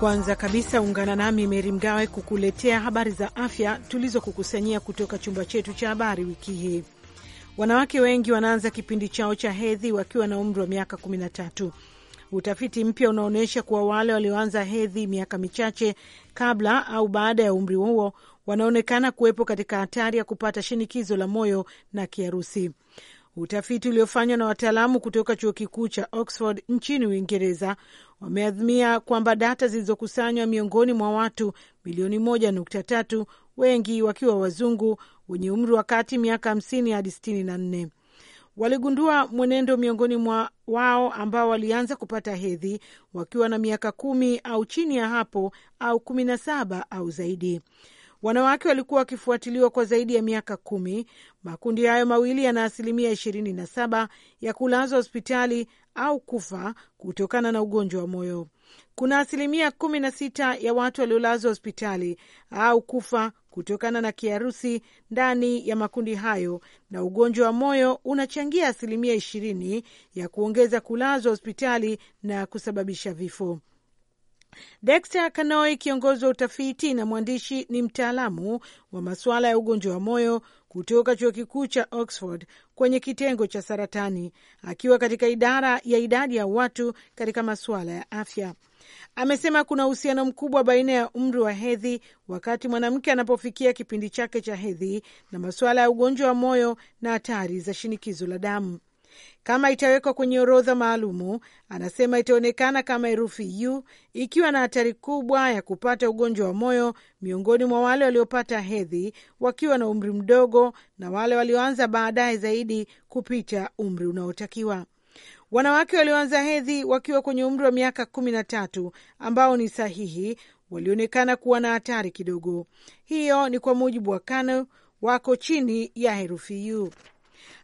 Kwanza kabisa ungana nami Meri Mgawe kukuletea habari za afya tulizokukusanyia kutoka chumba chetu cha habari wiki hii. Wanawake wengi wanaanza kipindi chao cha hedhi wakiwa na umri wa miaka 13. Utafiti mpya unaonyesha kuwa wale walioanza hedhi miaka michache kabla au baada ya umri huo wanaonekana kuwepo katika hatari ya kupata shinikizo la moyo na kiharusi. Utafiti uliofanywa na wataalamu kutoka chuo kikuu cha Oxford nchini Uingereza wameadhimia kwamba data zilizokusanywa miongoni mwa watu milioni moja nukta tatu, wengi wakiwa wazungu wenye umri wa kati miaka hamsini hadi sitini na nne waligundua mwenendo miongoni mwa wao ambao walianza kupata hedhi wakiwa na miaka kumi au chini ya hapo au kumi na saba au zaidi. Wanawake walikuwa wakifuatiliwa kwa zaidi ya miaka kumi. Makundi hayo mawili yana asilimia ishirini na saba ya kulazwa hospitali au kufa kutokana na ugonjwa wa moyo. Kuna asilimia kumi na sita ya watu waliolazwa hospitali au kufa kutokana na kiharusi ndani ya makundi hayo, na ugonjwa wa moyo unachangia asilimia ishirini ya kuongeza kulazwa hospitali na kusababisha vifo. Dexter Kanoe, kiongozi wa utafiti na mwandishi, ni mtaalamu wa masuala ya ugonjwa wa moyo kutoka chuo kikuu cha Oxford kwenye kitengo cha saratani, akiwa katika idara ya idadi ya watu katika masuala ya afya. Amesema kuna uhusiano mkubwa baina ya umri wa hedhi wakati mwanamke anapofikia kipindi chake cha hedhi na masuala ya ugonjwa wa moyo na hatari za shinikizo la damu. Kama itawekwa kwenye orodha maalumu, anasema itaonekana kama herufi U, ikiwa na hatari kubwa ya kupata ugonjwa wa moyo miongoni mwa wale waliopata hedhi wakiwa na umri mdogo na wale walioanza baadaye zaidi kupita umri unaotakiwa. Wanawake walioanza hedhi wakiwa kwenye umri wa miaka kumi na tatu ambao ni sahihi walionekana kuwa na hatari kidogo. Hiyo ni kwa mujibu wa Kano, wako chini ya herufi U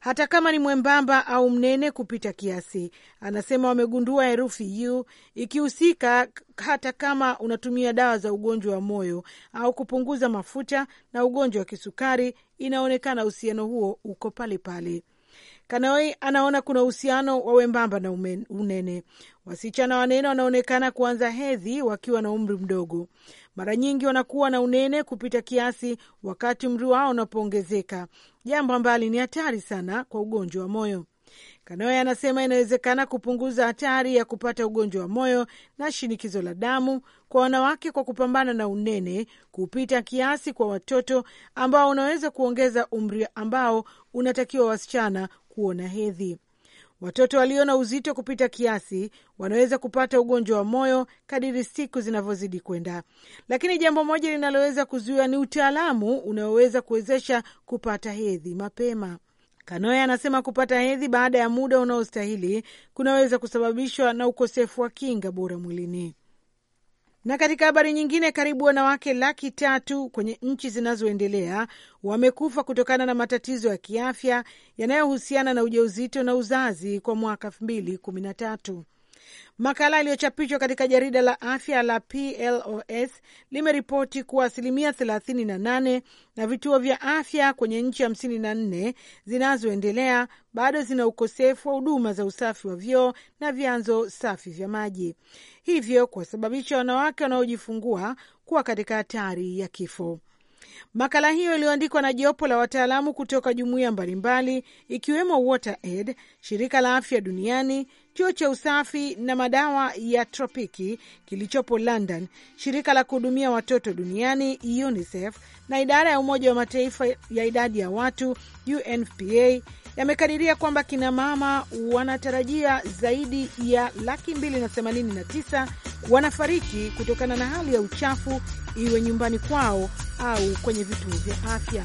hata kama ni mwembamba au mnene kupita kiasi. Anasema wamegundua herufi U ikihusika hata kama unatumia dawa za ugonjwa wa moyo au kupunguza mafuta na ugonjwa wa kisukari, inaonekana uhusiano huo uko pale pale. Kanoi anaona kuna uhusiano wa wembamba na umen, unene. Wasichana wanene wanaonekana kuanza hedhi wakiwa na umri mdogo. Mara nyingi wanakuwa na unene kupita kiasi wakati umri wao unapoongezeka, jambo ambalo ni hatari sana kwa ugonjwa wa moyo kanoe anasema inawezekana kupunguza hatari ya kupata ugonjwa wa moyo na shinikizo la damu kwa wanawake kwa kupambana na unene kupita kiasi kwa watoto ambao unaweza kuongeza umri ambao unatakiwa wasichana kuona hedhi. Watoto walio na uzito kupita kiasi wanaweza kupata ugonjwa wa moyo kadiri siku zinavyozidi kwenda, lakini jambo moja linaloweza kuzuia ni utaalamu unaoweza kuwezesha kupata hedhi mapema kanoe anasema kupata hedhi baada ya muda unaostahili kunaweza kusababishwa na ukosefu wa kinga bora mwilini. Na katika habari nyingine, karibu wanawake laki tatu kwenye nchi zinazoendelea wamekufa kutokana na matatizo ya kiafya yanayohusiana na ujauzito na uzazi kwa mwaka elfu mbili kumi na tatu. Makala iliyochapishwa katika jarida la afya la PLOS limeripoti kuwa asilimia 38 na vituo vya afya kwenye nchi 54 zinazoendelea bado zina ukosefu wa huduma za usafi wa vyoo na vyanzo safi vya maji, hivyo kuwasababisha wanawake wanaojifungua kuwa katika hatari ya kifo. Makala hiyo iliyoandikwa na jopo la wataalamu kutoka jumuiya mbalimbali ikiwemo WaterAid, shirika la afya duniani, chuo cha usafi na madawa ya tropiki kilichopo London, shirika la kuhudumia watoto duniani UNICEF na idara ya Umoja wa Mataifa ya idadi ya watu UNFPA yamekadiria kwamba kina mama wanatarajia zaidi ya laki mbili na themanini na tisa wanafariki kutokana na hali ya uchafu, iwe nyumbani kwao au kwenye vituo vya afya.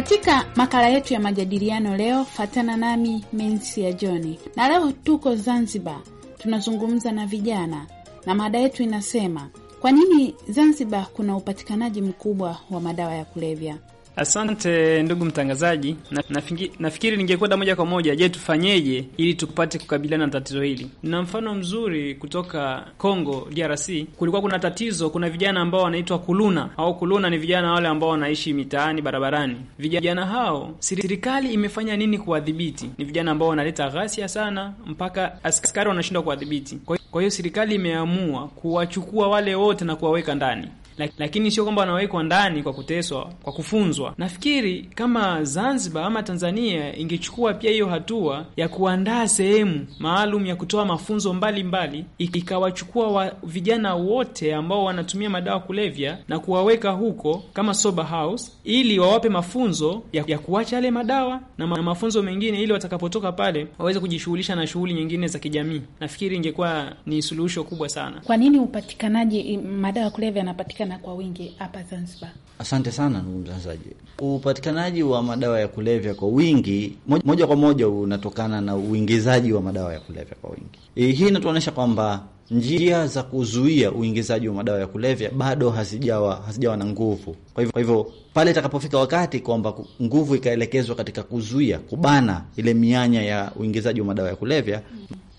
Katika makala yetu ya majadiliano leo, fatana nami Mensi ya Johni, na leo tuko Zanzibar, tunazungumza na vijana na mada yetu inasema kwa nini Zanzibar kuna upatikanaji mkubwa wa madawa ya kulevya? Asante ndugu mtangazaji, na, nafikiri, nafikiri ningekwenda moja kwa moja. Je, tufanyeje ili tupate kukabiliana na tatizo hili? Na mfano mzuri kutoka Congo DRC, kulikuwa kuna tatizo, kuna vijana ambao wanaitwa kuluna au kuluna. Ni vijana wale ambao wanaishi mitaani, barabarani. Vijana hao serikali imefanya nini kuwadhibiti? Ni vijana ambao wanaleta ghasia sana, mpaka askari wanashindwa kuwadhibiti. Kwa hiyo serikali imeamua kuwachukua wale wote na kuwaweka ndani lakini sio kwamba wanawekwa ndani kwa kuteswa, kwa kufunzwa. Nafikiri kama Zanzibar ama Tanzania ingechukua pia hiyo hatua ya kuandaa sehemu maalum ya kutoa mafunzo mbalimbali, ikawachukua wa vijana wote ambao wanatumia madawa kulevya na kuwaweka huko kama sober house, ili wawape mafunzo ya, ya kuacha yale madawa na, ma, na mafunzo mengine, ili watakapotoka pale waweze kujishughulisha na shughuli nyingine za kijamii. Nafikiri ingekuwa ni suluhisho kubwa sana. Kwa nini upatikanaji madawa kulevya yanapatikana kupatikana kwa wingi hapa Zanzibar? Asante sana ndugu mtangazaji. Upatikanaji wa madawa ya kulevya kwa wingi moja kwa moja unatokana na uingizaji wa madawa ya kulevya kwa wingi. E, hii inatuonyesha kwamba njia za kuzuia uingizaji wa madawa ya kulevya bado hazijawa hazijawa na nguvu. Kwa hivyo, kwa hivyo pale itakapofika wakati kwamba nguvu ikaelekezwa katika kuzuia, kubana ile mianya ya uingizaji wa madawa ya kulevya,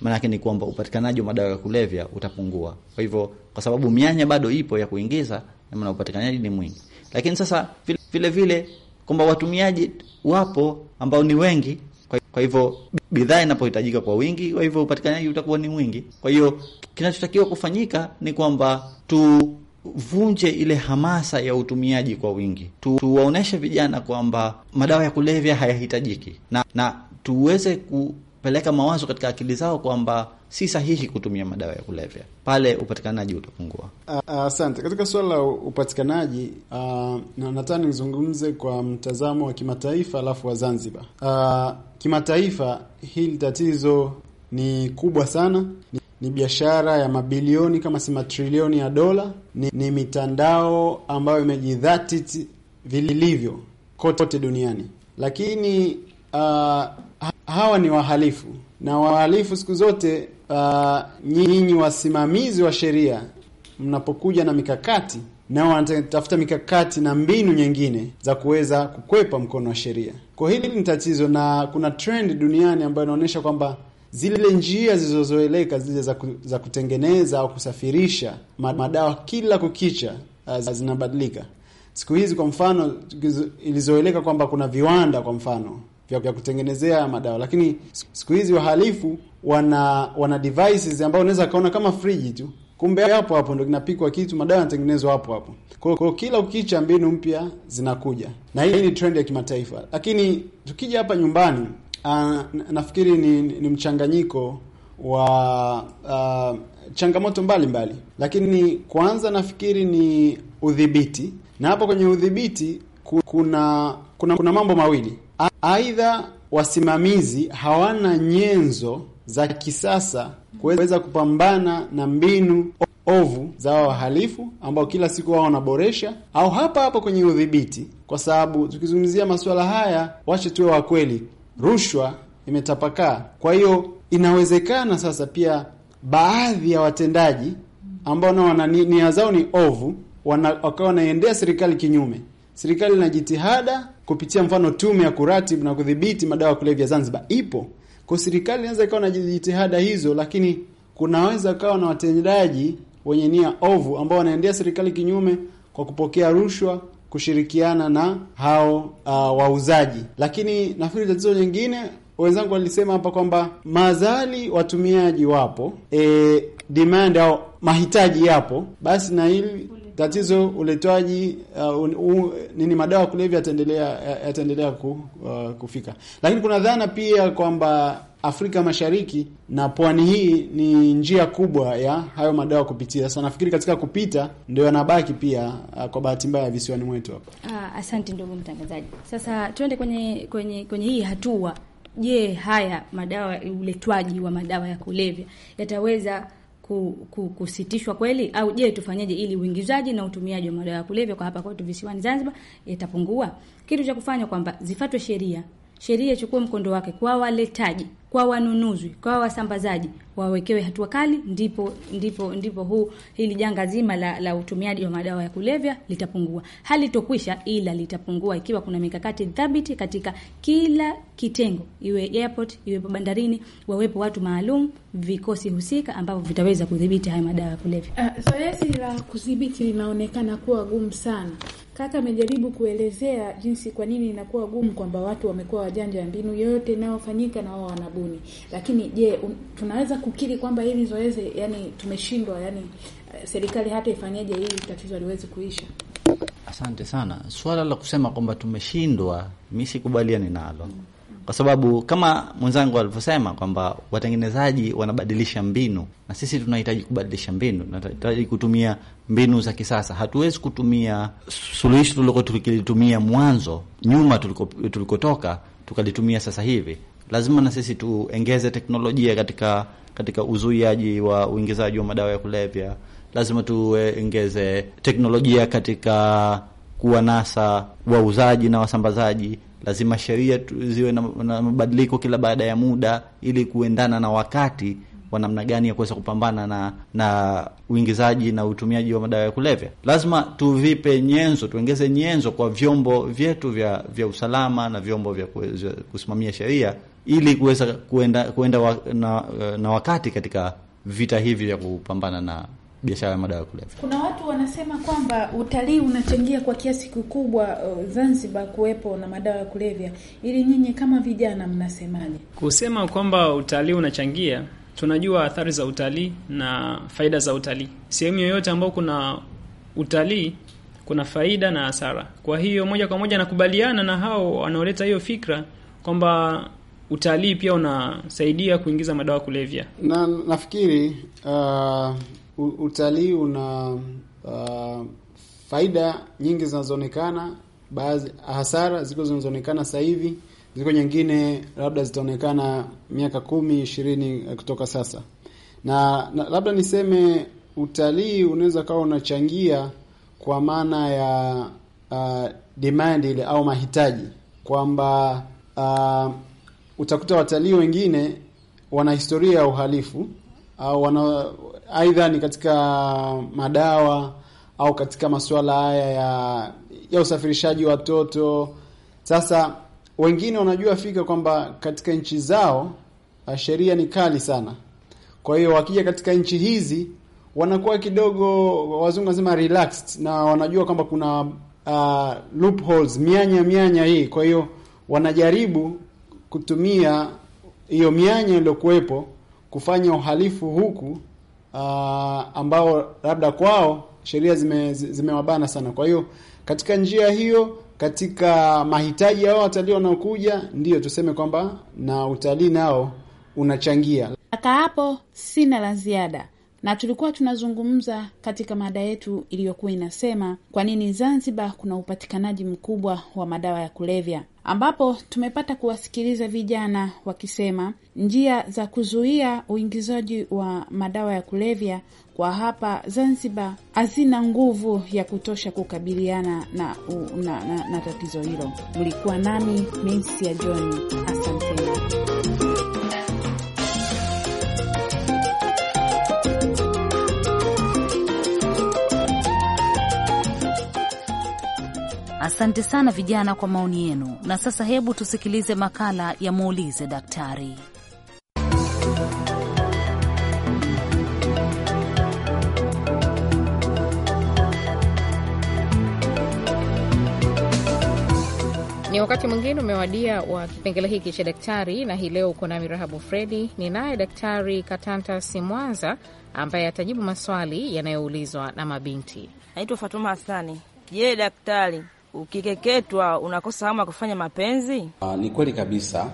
maanake ni kwamba upatikanaji wa madawa ya kulevya utapungua. Kwa hivyo kwa sababu mianya bado ipo ya kuingiza, maana upatikanaji ni mwingi. Lakini sasa vile vile, vile kwamba watumiaji wapo ambao ni wengi, kwa hivyo bidhaa inapohitajika kwa wingi, kwa hivyo upatikanaji utakuwa ni mwingi. Kwa hiyo kinachotakiwa kufanyika ni kwamba tuvunje ile hamasa ya utumiaji kwa wingi, tuwaoneshe vijana kwamba madawa ya kulevya hayahitajiki, na, na tuweze kupeleka mawazo katika akili zao kwamba si sahihi kutumia madawa ya kulevya, pale upatikanaji utapungua. Asante. Uh, uh, katika suala la upatikanaji uh, na nizungumze kwa mtazamo wa kimataifa alafu wa Zanzibar. Uh, kimataifa hili tatizo ni kubwa sana, ni, ni biashara ya mabilioni kama si matrilioni ya dola, ni, ni mitandao ambayo imejidhatiti vilivyo kote duniani, lakini uh, hawa ni wahalifu, na wahalifu siku zote, uh, nyinyi wasimamizi wa sheria mnapokuja na mikakati, nao wanatafuta mikakati na mbinu nyingine za kuweza kukwepa mkono wa sheria. Kwa hili ni tatizo, na kuna trend duniani ambayo inaonyesha kwamba zile njia zilizozoeleka zile za, ku, za kutengeneza au kusafirisha madawa kila kukicha uh, zinabadilika siku hizi. Kwa mfano, ilizoeleka kwamba kuna viwanda, kwa mfano vya kutengenezea madawa, lakini siku hizi wahalifu wana wana devices ambao unaweza kaona kama friji tu, kumbe hapo hapo ndo kinapikwa kitu, madawa yanatengenezwa hapo hapo. Kwa hiyo kila ukicha mbinu mpya zinakuja, na hii ni trend ya kimataifa. Lakini tukija hapa nyumbani, uh, nafikiri ni, ni mchanganyiko wa uh, changamoto mbalimbali mbali. Lakini kwanza nafikiri ni udhibiti, na hapo kwenye udhibiti kuna kuna kuna mambo mawili Aidha, wasimamizi hawana nyenzo za kisasa kuweza kupambana na mbinu ovu za wao wahalifu ambao kila siku wao wanaboresha, au hapa hapa kwenye udhibiti, kwa sababu tukizungumzia masuala haya, wache tuwe wa kweli, rushwa imetapakaa. Kwa hiyo inawezekana sasa pia baadhi ya watendaji ambao nao wana nia zao ni ovu, wakawa wanaiendea serikali kinyume. Serikali ina jitihada kupitia mfano tume ya kuratibu na kudhibiti madawa ya kulevya Zanzibar ipo. Kwa serikali inaweza ikawa na jitihada hizo, lakini kunaweza kawa na watendaji wenye nia ovu ambao wanaendea serikali kinyume kwa kupokea rushwa, kushirikiana na hao uh, wauzaji. Lakini nafikiri tatizo nyingine wenzangu walisema hapa kwamba mazali watumiaji wapo, e, demand au mahitaji yapo, basi na hili tatizo uletwaji uh, uh, nini madawa kulevya yataendelea yataendelea ku, uh, kufika, lakini kuna dhana pia kwamba Afrika Mashariki na pwani hii ni njia kubwa ya hayo madawa kupitia. Sasa nafikiri katika kupita ndio yanabaki pia, uh, kwa bahati mbaya ya visiwani mwetu hapa. Ah, asante ndugu mtangazaji. Sasa tuende kwenye kwenye kwenye hii hatua. Je, haya madawa, uletwaji wa madawa ya kulevya yataweza kusitishwa kweli, au je, tufanyeje ili uingizaji na utumiaji wa madawa ya kulevya kwa hapa kwetu visiwani Zanzibar itapungua? Kitu cha kufanya kwamba zifuatwe sheria, sheria ichukue mkondo wake kwa waletaji kwa wanunuzi, kwa wasambazaji wawekewe hatua kali, ndipo ndipo ndipo huu hili janga zima la, la utumiaji wa madawa ya kulevya litapungua. Halitokwisha, ila litapungua ikiwa kuna mikakati thabiti katika kila kitengo, iwe airport, iwe bandarini, wawepo watu maalum, vikosi husika ambavyo vitaweza kudhibiti haya madawa ya kulevya. Uh, zoezi so la kudhibiti linaonekana kuwa gumu sana Kaka amejaribu kuelezea jinsi kwa nini inakuwa gumu kwamba watu wamekuwa wajanja ya mbinu yoyote inayofanyika na wao wanabuni. Lakini je, tunaweza kukiri kwamba hili zoezi yani tumeshindwa, yani eh, serikali hata ifanyeje hili tatizo liweze kuisha? Asante sana. Swala la kusema kwamba tumeshindwa, mi sikubaliani nalo. mm kwa sababu kama mwenzangu alivyosema kwamba watengenezaji wanabadilisha mbinu, na sisi tunahitaji kubadilisha mbinu, tunahitaji kutumia mbinu za kisasa. Hatuwezi kutumia suluhisho tulikuwa tukilitumia mwanzo nyuma, tulikotoka tukalitumia sasa hivi. Lazima na sisi tuengeze teknolojia katika katika uzuiaji wa uingizaji wa madawa ya kulevya. Lazima tuengeze teknolojia katika kuwanasa wauzaji na wasambazaji lazima sheria ziwe na, na mabadiliko kila baada ya muda ili kuendana na wakati wa namna gani ya kuweza kupambana na na uingizaji na utumiaji wa madawa ya kulevya. Lazima tuvipe nyenzo, tuongeze nyenzo kwa vyombo vyetu vya vya usalama na vyombo vya kusimamia sheria ili kuweza kuenda kuenda wa, na, na wakati katika vita hivi vya kupambana na biashara ya madawa ya kulevya. Kuna watu wanasema kwamba utalii unachangia kwa kiasi kikubwa uh, Zanzibar kuwepo na madawa ya kulevya, ili nyinyi kama vijana mnasemaje? Kusema kwamba utalii unachangia, tunajua athari za utalii na faida za utalii. Sehemu yoyote ambayo kuna utalii kuna faida na hasara. Kwa hiyo moja kwa moja nakubaliana na hao wanaoleta hiyo fikra kwamba utalii pia unasaidia kuingiza madawa kulevya, na nafikiri uh, utalii una uh, faida nyingi zinazoonekana, baadhi hasara ziko zinazoonekana sasa hivi, ziko nyingine labda zitaonekana miaka kumi ishirini eh, kutoka sasa. Na, na labda niseme utalii unaweza kawa unachangia kwa maana ya uh, demand ile au mahitaji kwamba uh, utakuta watalii wengine wana historia ya uhalifu au wana aidha ni katika madawa au katika masuala haya ya, ya usafirishaji watoto. Sasa wengine wanajua fika kwamba katika nchi zao ah, sheria ni kali sana, kwa hiyo wakija katika nchi hizi wanakuwa kidogo, wazungu wanasema relaxed, na wanajua kwamba kuna uh, loopholes, mianya mianya hii, kwa hiyo wanajaribu kutumia hiyo mianya iliyokuwepo kufanya uhalifu huku uh, ambao labda kwao sheria zimewabana zime sana. Kwa hiyo katika njia hiyo, katika mahitaji ya wao watalii wanaokuja, ndiyo tuseme kwamba na utalii nao unachangia. Mpaka hapo sina la ziada na tulikuwa tunazungumza katika mada yetu iliyokuwa inasema kwa nini Zanzibar kuna upatikanaji mkubwa wa madawa ya kulevya, ambapo tumepata kuwasikiliza vijana wakisema njia za kuzuia uingizaji wa madawa ya kulevya kwa hapa Zanzibar hazina nguvu ya kutosha kukabiliana na, na, na, na tatizo hilo. Mlikuwa nami Mensi ya John, asanteni. Asante sana vijana kwa maoni yenu. Na sasa hebu tusikilize makala ya muulize daktari. Ni wakati mwingine umewadia wa kipengele hiki cha daktari, na hii leo uko nami Rahabu Fredi, ni naye Daktari Katanta Simwanza ambaye atajibu maswali yanayoulizwa na mabinti. Naitwa Fatuma Hasani. Je, daktari, ukikeketwa unakosa hamu ya kufanya mapenzi? Uh, ni kweli kabisa,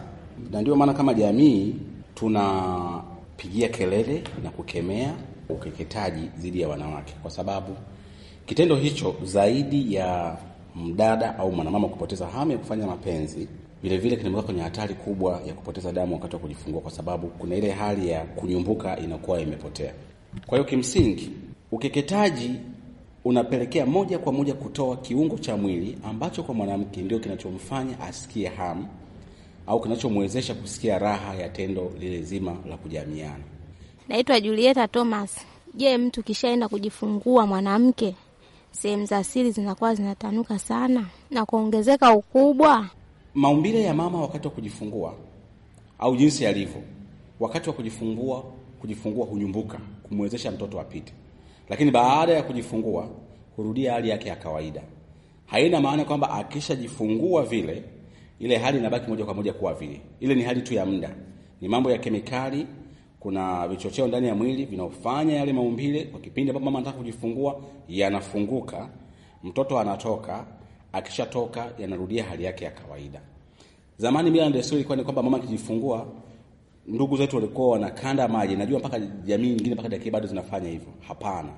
na ndio maana kama jamii tunapigia kelele na kukemea ukeketaji dhidi ya wanawake, kwa sababu kitendo hicho zaidi ya mdada au mwanamama kupoteza hamu ya kufanya mapenzi vilevile kinamweka kwenye hatari kubwa ya kupoteza damu wakati wa kujifungua, kwa sababu kuna ile hali ya kunyumbuka inakuwa imepotea. Kwa hiyo kimsingi ukeketaji unapelekea moja kwa moja kutoa kiungo cha mwili ambacho kwa mwanamke ndio kinachomfanya asikie hamu au kinachomwezesha kusikia raha ya tendo lile zima la kujamiana. Naitwa Julieta Thomas. Je, mtu kishaenda kujifungua mwanamke, sehemu za siri zinakuwa zinatanuka sana na kuongezeka ukubwa. Maumbile ya mama wakati wa kujifungua au jinsi yalivyo wakati wa kujifungua, kujifungua hunyumbuka kumwezesha mtoto apite lakini baada ya kujifungua hurudia hali yake ya kawaida. Haina maana kwamba akishajifungua vile ile hali inabaki moja kwa moja kuwa vile. Ile ni hali tu ya muda, ni mambo ya kemikali. Kuna vichocheo ndani ya mwili vinaofanya yale maumbile, kwa kipindi ambapo mama anataka kujifungua yanafunguka, mtoto anatoka, akishatoka yanarudia hali yake ya kawaida. Zamani mila na desturi ilikuwa ni kwamba mama akijifungua ndugu zetu walikuwa wanakanda maji. Najua mpaka jamii nyingine mpaka dakika bado zinafanya hivyo. Hapana,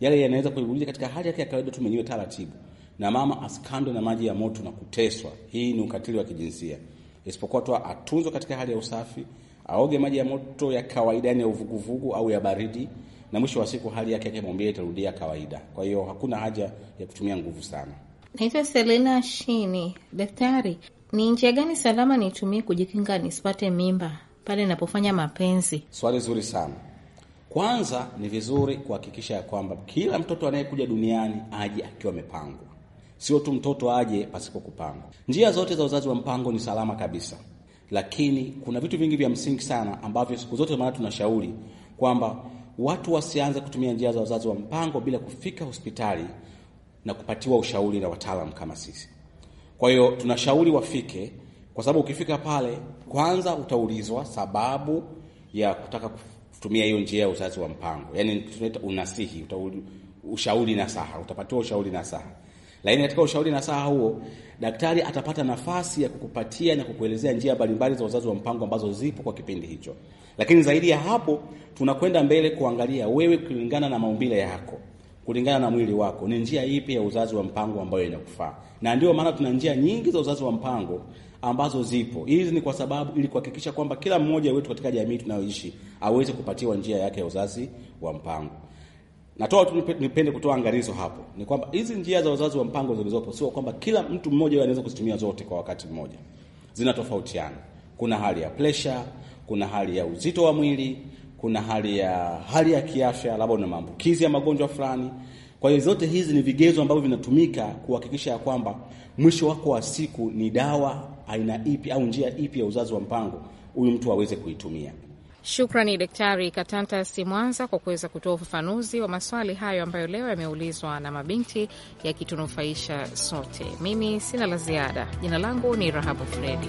yale yanaweza kuibuliza katika hali yake ya kawaida tu, mwenyewe taratibu, na mama asikandwe na maji ya moto na kuteswa. Hii ni ukatili wa kijinsia, isipokuwa tu atunzwe katika hali ya usafi, aoge maji ya moto ya kawaida, yani ya uvuguvugu au ya baridi, na mwisho wa siku hali yake ya kimaumbile itarudia kawaida. Kwa hiyo hakuna haja ya kutumia nguvu sana. Naitwa Selena Shini. Daktari, ni njia gani salama nitumie kujikinga nisipate mimba? pale ninapofanya mapenzi? Swali zuri sana. Kwanza ni vizuri kuhakikisha ya kwamba kila mtoto anayekuja duniani aje akiwa amepangwa, sio tu mtoto aje pasipo kupangwa. Njia zote za uzazi wa mpango ni salama kabisa, lakini kuna vitu vingi vya msingi sana ambavyo siku zote maana tunashauri kwamba watu wasianze kutumia njia za uzazi wa mpango bila kufika hospitali na kupatiwa ushauri na wataalamu kama sisi. Kwa hiyo tunashauri wafike kwa sababu ukifika pale kwanza utaulizwa sababu ya kutaka kutumia hiyo njia ya uzazi wa mpango, yani tunaita unasihi, utauli, ushauri saha, utapatiwa ushauri na saha. Lakini katika ushauri na saha huo daktari atapata nafasi ya kukupatia na kukuelezea njia mbalimbali za uzazi wa mpango ambazo zipo kwa kipindi hicho. Lakini zaidi ya hapo, tunakwenda mbele kuangalia wewe, kulingana na maumbile yako, kulingana na mwili wako, ni njia ipi ya uzazi wa mpango ambayo inakufaa. Na ndio maana tuna njia nyingi za uzazi wa mpango ambazo zipo. Hizi ni kwa sababu ili kuhakikisha kwamba kila mmoja wetu katika jamii tunayoishi aweze kupatiwa njia yake ya uzazi wa mpango. Natoa tu nipende kutoa angalizo hapo, ni kwamba hizi njia za uzazi wa mpango zilizopo sio kwamba kila mtu mmoja anaweza kuzitumia zote kwa wakati mmoja, zinatofautiana. Kuna hali ya pressure, kuna hali ya uzito wa mwili, kuna hali ya hali ya kiafya, labda una maambukizi ya magonjwa fulani. Kwa hiyo zote hizi ni vigezo ambavyo vinatumika kuhakikisha ya kwamba mwisho wako wa siku ni dawa aina ipi au njia ipi ya uzazi wa mpango huyu mtu aweze kuitumia. Shukrani Daktari Katanta Simwanza kwa kuweza kutoa ufafanuzi wa maswali hayo ambayo leo yameulizwa na mabinti, yakitunufaisha sote. Mimi sina la ziada. Jina langu ni Rahabu Fredi.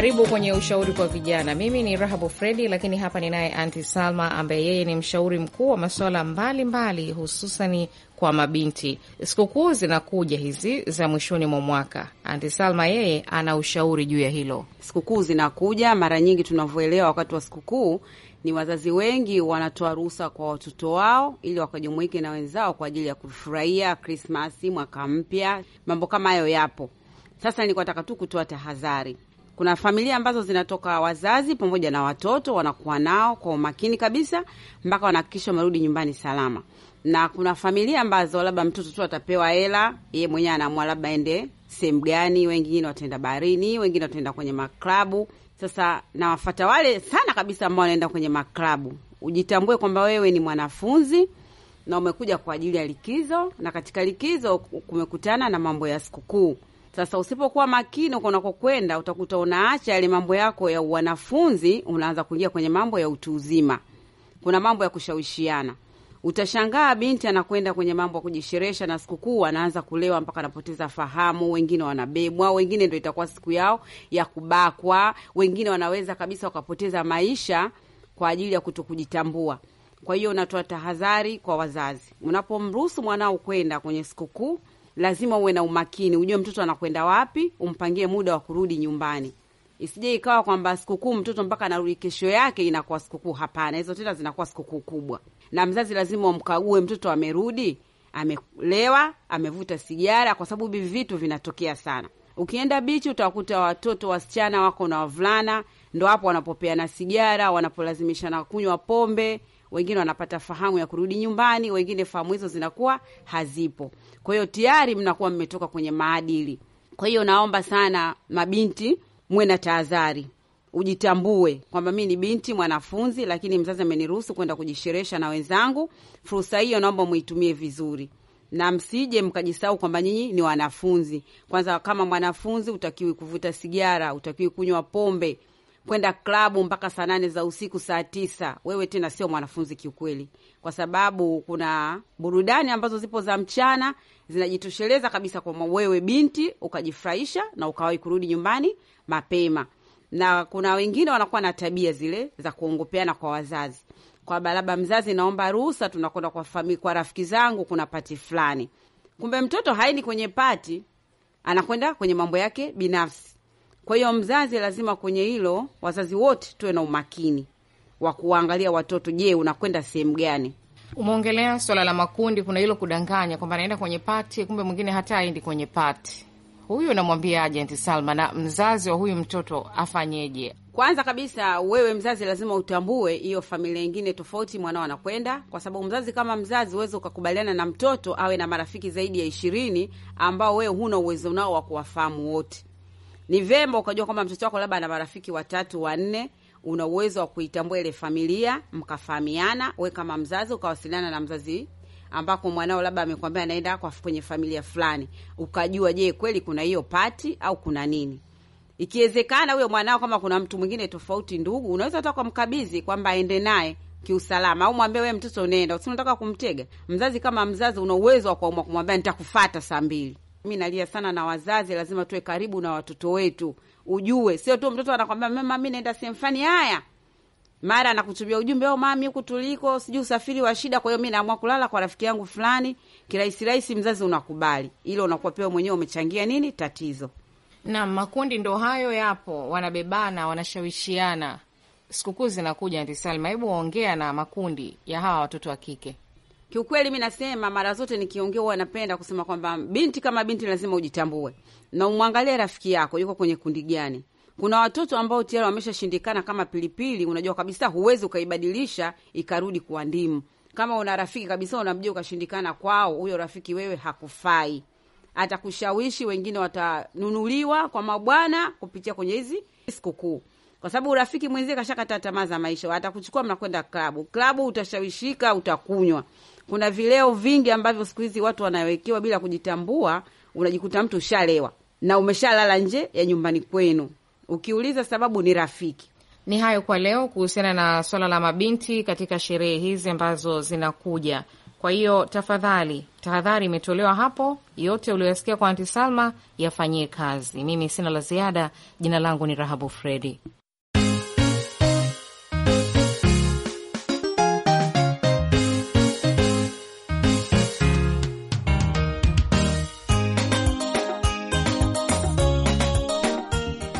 Karibu kwenye ushauri kwa vijana. Mimi ni Rahabu Fredi, lakini hapa ninaye Anti Salma ambaye yeye ni mshauri mkuu wa masuala mbalimbali, hususani kwa mabinti. Sikukuu zinakuja hizi za mwishoni mwa mwaka, Anti Salma yeye ana ushauri juu ya hilo. Sikukuu zinakuja, mara nyingi tunavyoelewa, wakati wa sikukuu ni wazazi wengi wanatoa ruhusa kwa watoto wao ili wakajumuike na wenzao kwa ajili ya kufurahia Krismasi, mwaka mpya, mambo kama hayo yapo. Sasa nilikuwa nataka tu kutoa tahadhari kuna familia ambazo zinatoka wazazi pamoja na watoto, wanakuwa nao kwa umakini kabisa mpaka wanahakikisha wamerudi nyumbani salama, na kuna familia ambazo labda mtoto tu atapewa hela, yeye mwenyewe anaamua labda ende sehemu gani. Wengine wataenda baharini, wengine wataenda kwenye maklabu. Sasa nawafata wale sana kabisa ambao wanaenda kwenye maklabu. Ujitambue kwamba wewe ni mwanafunzi na umekuja kwa ajili ya likizo, na katika likizo kumekutana na mambo ya sikukuu. Sasa usipokuwa makini uko unakokwenda, utakuta unaacha yale mambo yako ya wanafunzi, unaanza kuingia kwenye mambo ya utu uzima. Kuna mambo ya kushawishiana. Utashangaa binti anakwenda kwenye mambo ya kujisherehesha na sikukuu, anaanza kulewa mpaka anapoteza fahamu. Wengine wanabebwa, wengine ndo itakuwa siku yao ya kubakwa, wengine wanaweza kabisa wakapoteza maisha kwa ajili ya kuto kujitambua. Kwa hiyo unatoa tahadhari kwa wazazi, unapomruhusu mwanao kwenda kwenye sikukuu lazima uwe na umakini, ujue mtoto anakwenda wapi, umpangie muda wa kurudi nyumbani. Isije ikawa kwamba sikukuu mtoto mpaka anarudi kesho yake inakuwa sikukuu. Hapana, hizo tena zinakuwa sikukuu kubwa, na mzazi lazima umkague mtoto amerudi, amelewa, amevuta sigara, kwa sababu hivi vitu vinatokea sana. Ukienda bichi utawakuta watoto wasichana wako na wavulana, ndo hapo wanapopeana sigara, wanapolazimishana kunywa pombe wengine wanapata fahamu ya kurudi nyumbani, wengine fahamu hizo zinakuwa hazipo. Kwa hiyo tayari mnakuwa mmetoka kwenye maadili. Kwa hiyo naomba sana mabinti, mwe na tahadhari, ujitambue kwamba mi ni binti mwanafunzi, lakini mzazi ameniruhusu kwenda kujisherehesha na wenzangu. Fursa hiyo naomba muitumie vizuri na msije mkajisahau kwamba nyinyi ni wanafunzi. Kwanza, kama mwanafunzi utakiwi kuvuta sigara, utakiwi kunywa pombe, kwenda klabu mpaka saa nane za usiku, saa tisa, wewe tena sio mwanafunzi kiukweli, kwa sababu kuna burudani ambazo zipo za mchana zinajitosheleza kabisa kwa wewe binti ukajifurahisha na ukawahi kurudi nyumbani mapema. Na kuna wengine wanakuwa na tabia zile za kuongopeana kwa wazazi kwamba labda mzazi, naomba ruhusa, tunakwenda kwa kwa rafiki zangu kuna pati fulani. Kumbe mtoto haendi kwenye pati, anakwenda kwenye mambo yake binafsi. Kwa hiyo mzazi lazima kwenye hilo, wazazi wote tuwe na umakini wa kuwaangalia watoto. Je, unakwenda sehemu gani? Umeongelea swala la makundi, kuna hilo kudanganya kwamba anaenda kwenye pati, kumbe mwingine hata aendi kwenye pati. Huyu unamwambia ajenti Salma, na mzazi wa huyu mtoto afanyeje? Kwanza kabisa, wewe mzazi lazima utambue hiyo familia ingine tofauti mwanao anakwenda, kwa sababu mzazi kama mzazi uweze ukakubaliana na mtoto awe na marafiki zaidi ya ishirini ambao wewe huna uwezo nao wa kuwafahamu wote ni vema ukajua kwamba mtoto wako labda ana marafiki watatu wanne una uwezo wa kuitambua ile familia mkafahamiana, we kama mzazi ukawasiliana na mzazi ambako mwanao labda amekwambia anaenda kwa kwenye familia fulani, ukajua je, kweli kuna hiyo pati au kuna nini. Ikiwezekana huyo mwanao kama kuna mtu mwingine tofauti, ndugu, unaweza hata kumkabidhi kwamba aende naye kiusalama, au mwambie wewe mtoto unaenda usinataka kumtega. Mzazi kama mzazi, una uwezo wa kuamua kumwambia nitakufata saa mbili mi nalia sana na wazazi, lazima tuwe karibu na watoto wetu. Ujue sio tu mtoto anakwambia mama, mi naenda sehemu fulani, haya mara anakutumia ujumbe au oh, mami, huku tuliko sijui usafiri wa shida, kwa hiyo mi naamua kulala kwa rafiki yangu fulani, kirahisi rahisi. Mzazi unakubali ilo, unakuwa pewa mwenyewe umechangia nini tatizo. Na makundi ndo hayo yapo, wanabebana, wanashawishiana. Sikukuu zinakuja, Anti Salma, hebu waongea na makundi ya hawa watoto wa kike. Kiukweli mi nasema mara zote nikiongea, huwa napenda kusema kwamba binti kama binti lazima ujitambue na umwangalie rafiki yako yuko kwenye kundi gani. Kuna watoto ambao tayari wameshashindikana kama pilipili, unajua kabisa huwezi ukaibadilisha ikarudi kuwa ndimu. Kama una rafiki kabisa unamjua ukashindikana kwao, huyo rafiki wewe hakufai, atakushawishi. Wengine watanunuliwa kwa mabwana kupitia kwenye hizi sikukuu kwa sababu urafiki mwenzie kashakata tamaa za maisha, atakuchukua mnakwenda klabu. Klabu utashawishika, utakunywa kuna vileo vingi ambavyo siku hizi watu wanawekewa bila kujitambua. Unajikuta mtu ushalewa na umeshalala nje ya nyumbani kwenu, ukiuliza sababu ni rafiki. Ni hayo kwa leo kuhusiana na swala la mabinti katika sherehe hizi ambazo zinakuja. Kwa hiyo tafadhali, tahadhari imetolewa hapo. Yote ulioyasikia kwa Anti Salma yafanyie kazi. Mimi sina la ziada. Jina langu ni Rahabu Fredi.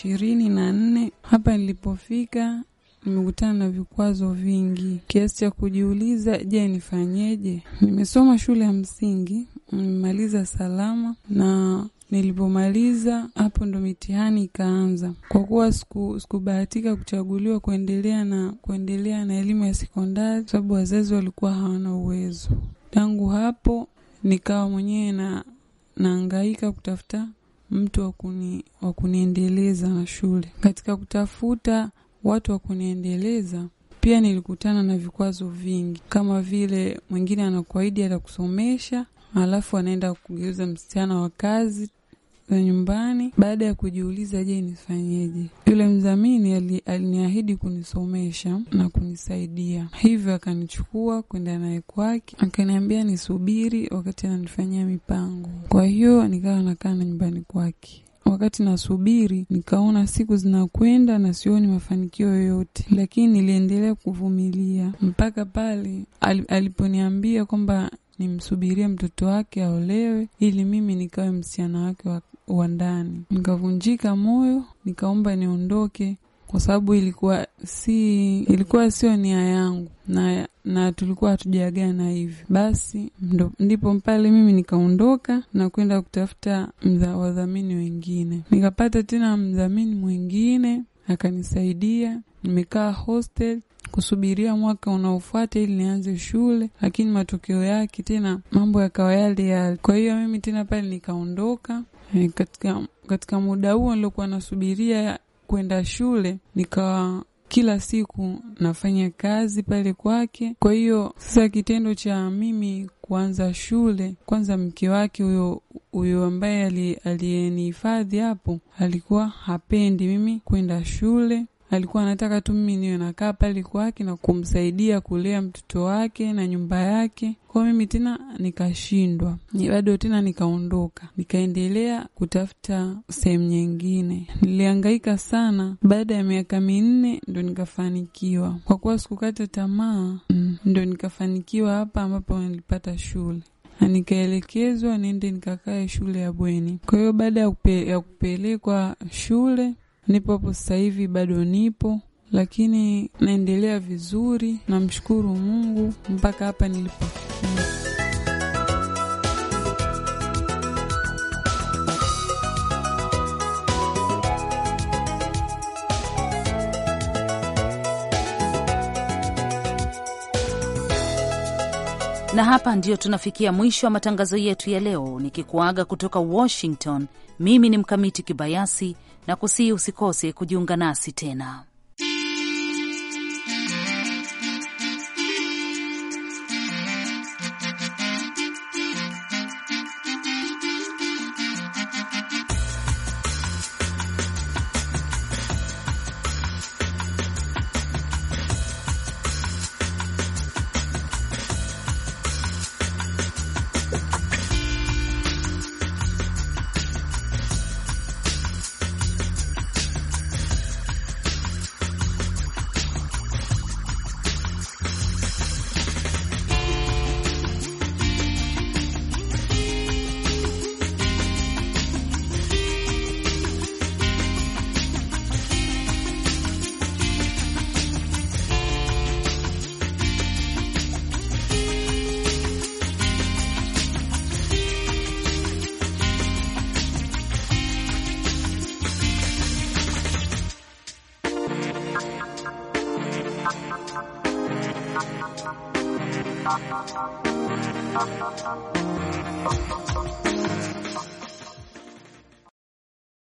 ishirini na nne. Hapa nilipofika nimekutana na vikwazo vingi kiasi cha kujiuliza, je, nifanyeje? Nimesoma shule ya msingi, nimemaliza salama na nilipomaliza hapo ndo mitihani ikaanza. Kwa kuwa sikubahatika kuchaguliwa kuendelea na kuendelea na elimu ya sekondari, sababu wazazi walikuwa hawana uwezo. Tangu hapo nikawa mwenyewe na naangaika kutafuta mtu wa kuniendeleza na shule. Katika kutafuta watu wa kuniendeleza pia nilikutana na vikwazo vingi, kama vile mwingine anakuahidi atakusomesha alafu anaenda kugeuza msichana wa kazi za nyumbani baada ya kujiuliza, je, nifanyeje? Yule mdhamini aliniahidi kunisomesha na kunisaidia, hivyo akanichukua kwenda naye kwake, akaniambia nisubiri wakati ananifanyia mipango. Kwa hiyo nikawa nakaa na nyumbani kwake. Wakati nasubiri nikaona siku zinakwenda na sioni mafanikio yoyote, lakini niliendelea kuvumilia mpaka pale aliponiambia kwamba nimsubirie mtoto wake aolewe ili mimi nikawe msichana wake wa wa ndani. Mm-hmm. Nikavunjika moyo, nikaomba niondoke kwa sababu ilikuwa si ilikuwa sio nia yangu na, na tulikuwa hatujaagana hivyo. Basi ndo, ndipo pale mimi nikaondoka na kwenda kutafuta wadhamini wengine. Nikapata tena mdhamini mwingine akanisaidia. Nimekaa hostel kusubiria mwaka unaofuata ili nianze shule, lakini matokeo yake tena mambo yakawa yale yale. Kwa hiyo mimi tena pale nikaondoka, E, katika, katika muda huo nilikuwa nasubiria kwenda shule nikawa kila siku nafanya kazi pale kwake. Kwa hiyo sasa, kitendo cha mimi kuanza shule, kwanza mke wake huyo huyo ambaye aliyenihifadhi hapo alikuwa hapendi mimi kwenda shule, alikuwa anataka tu mimi niwe nakaa pale kwake na kumsaidia kulea mtoto wake na nyumba yake. Kwa mimi tena nikashindwa, bado tena nikaondoka, nikaendelea kutafuta sehemu nyingine. Nilihangaika sana, baada ya miaka minne ndo nikafanikiwa. Kwa kuwa sikukata tamaa, ndo nikafanikiwa hapa ambapo nilipata shule nikaelekezwa niende nikakae shule ya bweni. Kwa hiyo baada ya kupelekwa shule nipo hapo sasa hivi bado nipo lakini naendelea vizuri, namshukuru Mungu mpaka hapa nilipo. Na hapa ndiyo tunafikia mwisho wa matangazo yetu ya leo, nikikuaga kutoka Washington. Mimi ni Mkamiti Kibayasi na kusihi usikose kujiunga nasi tena.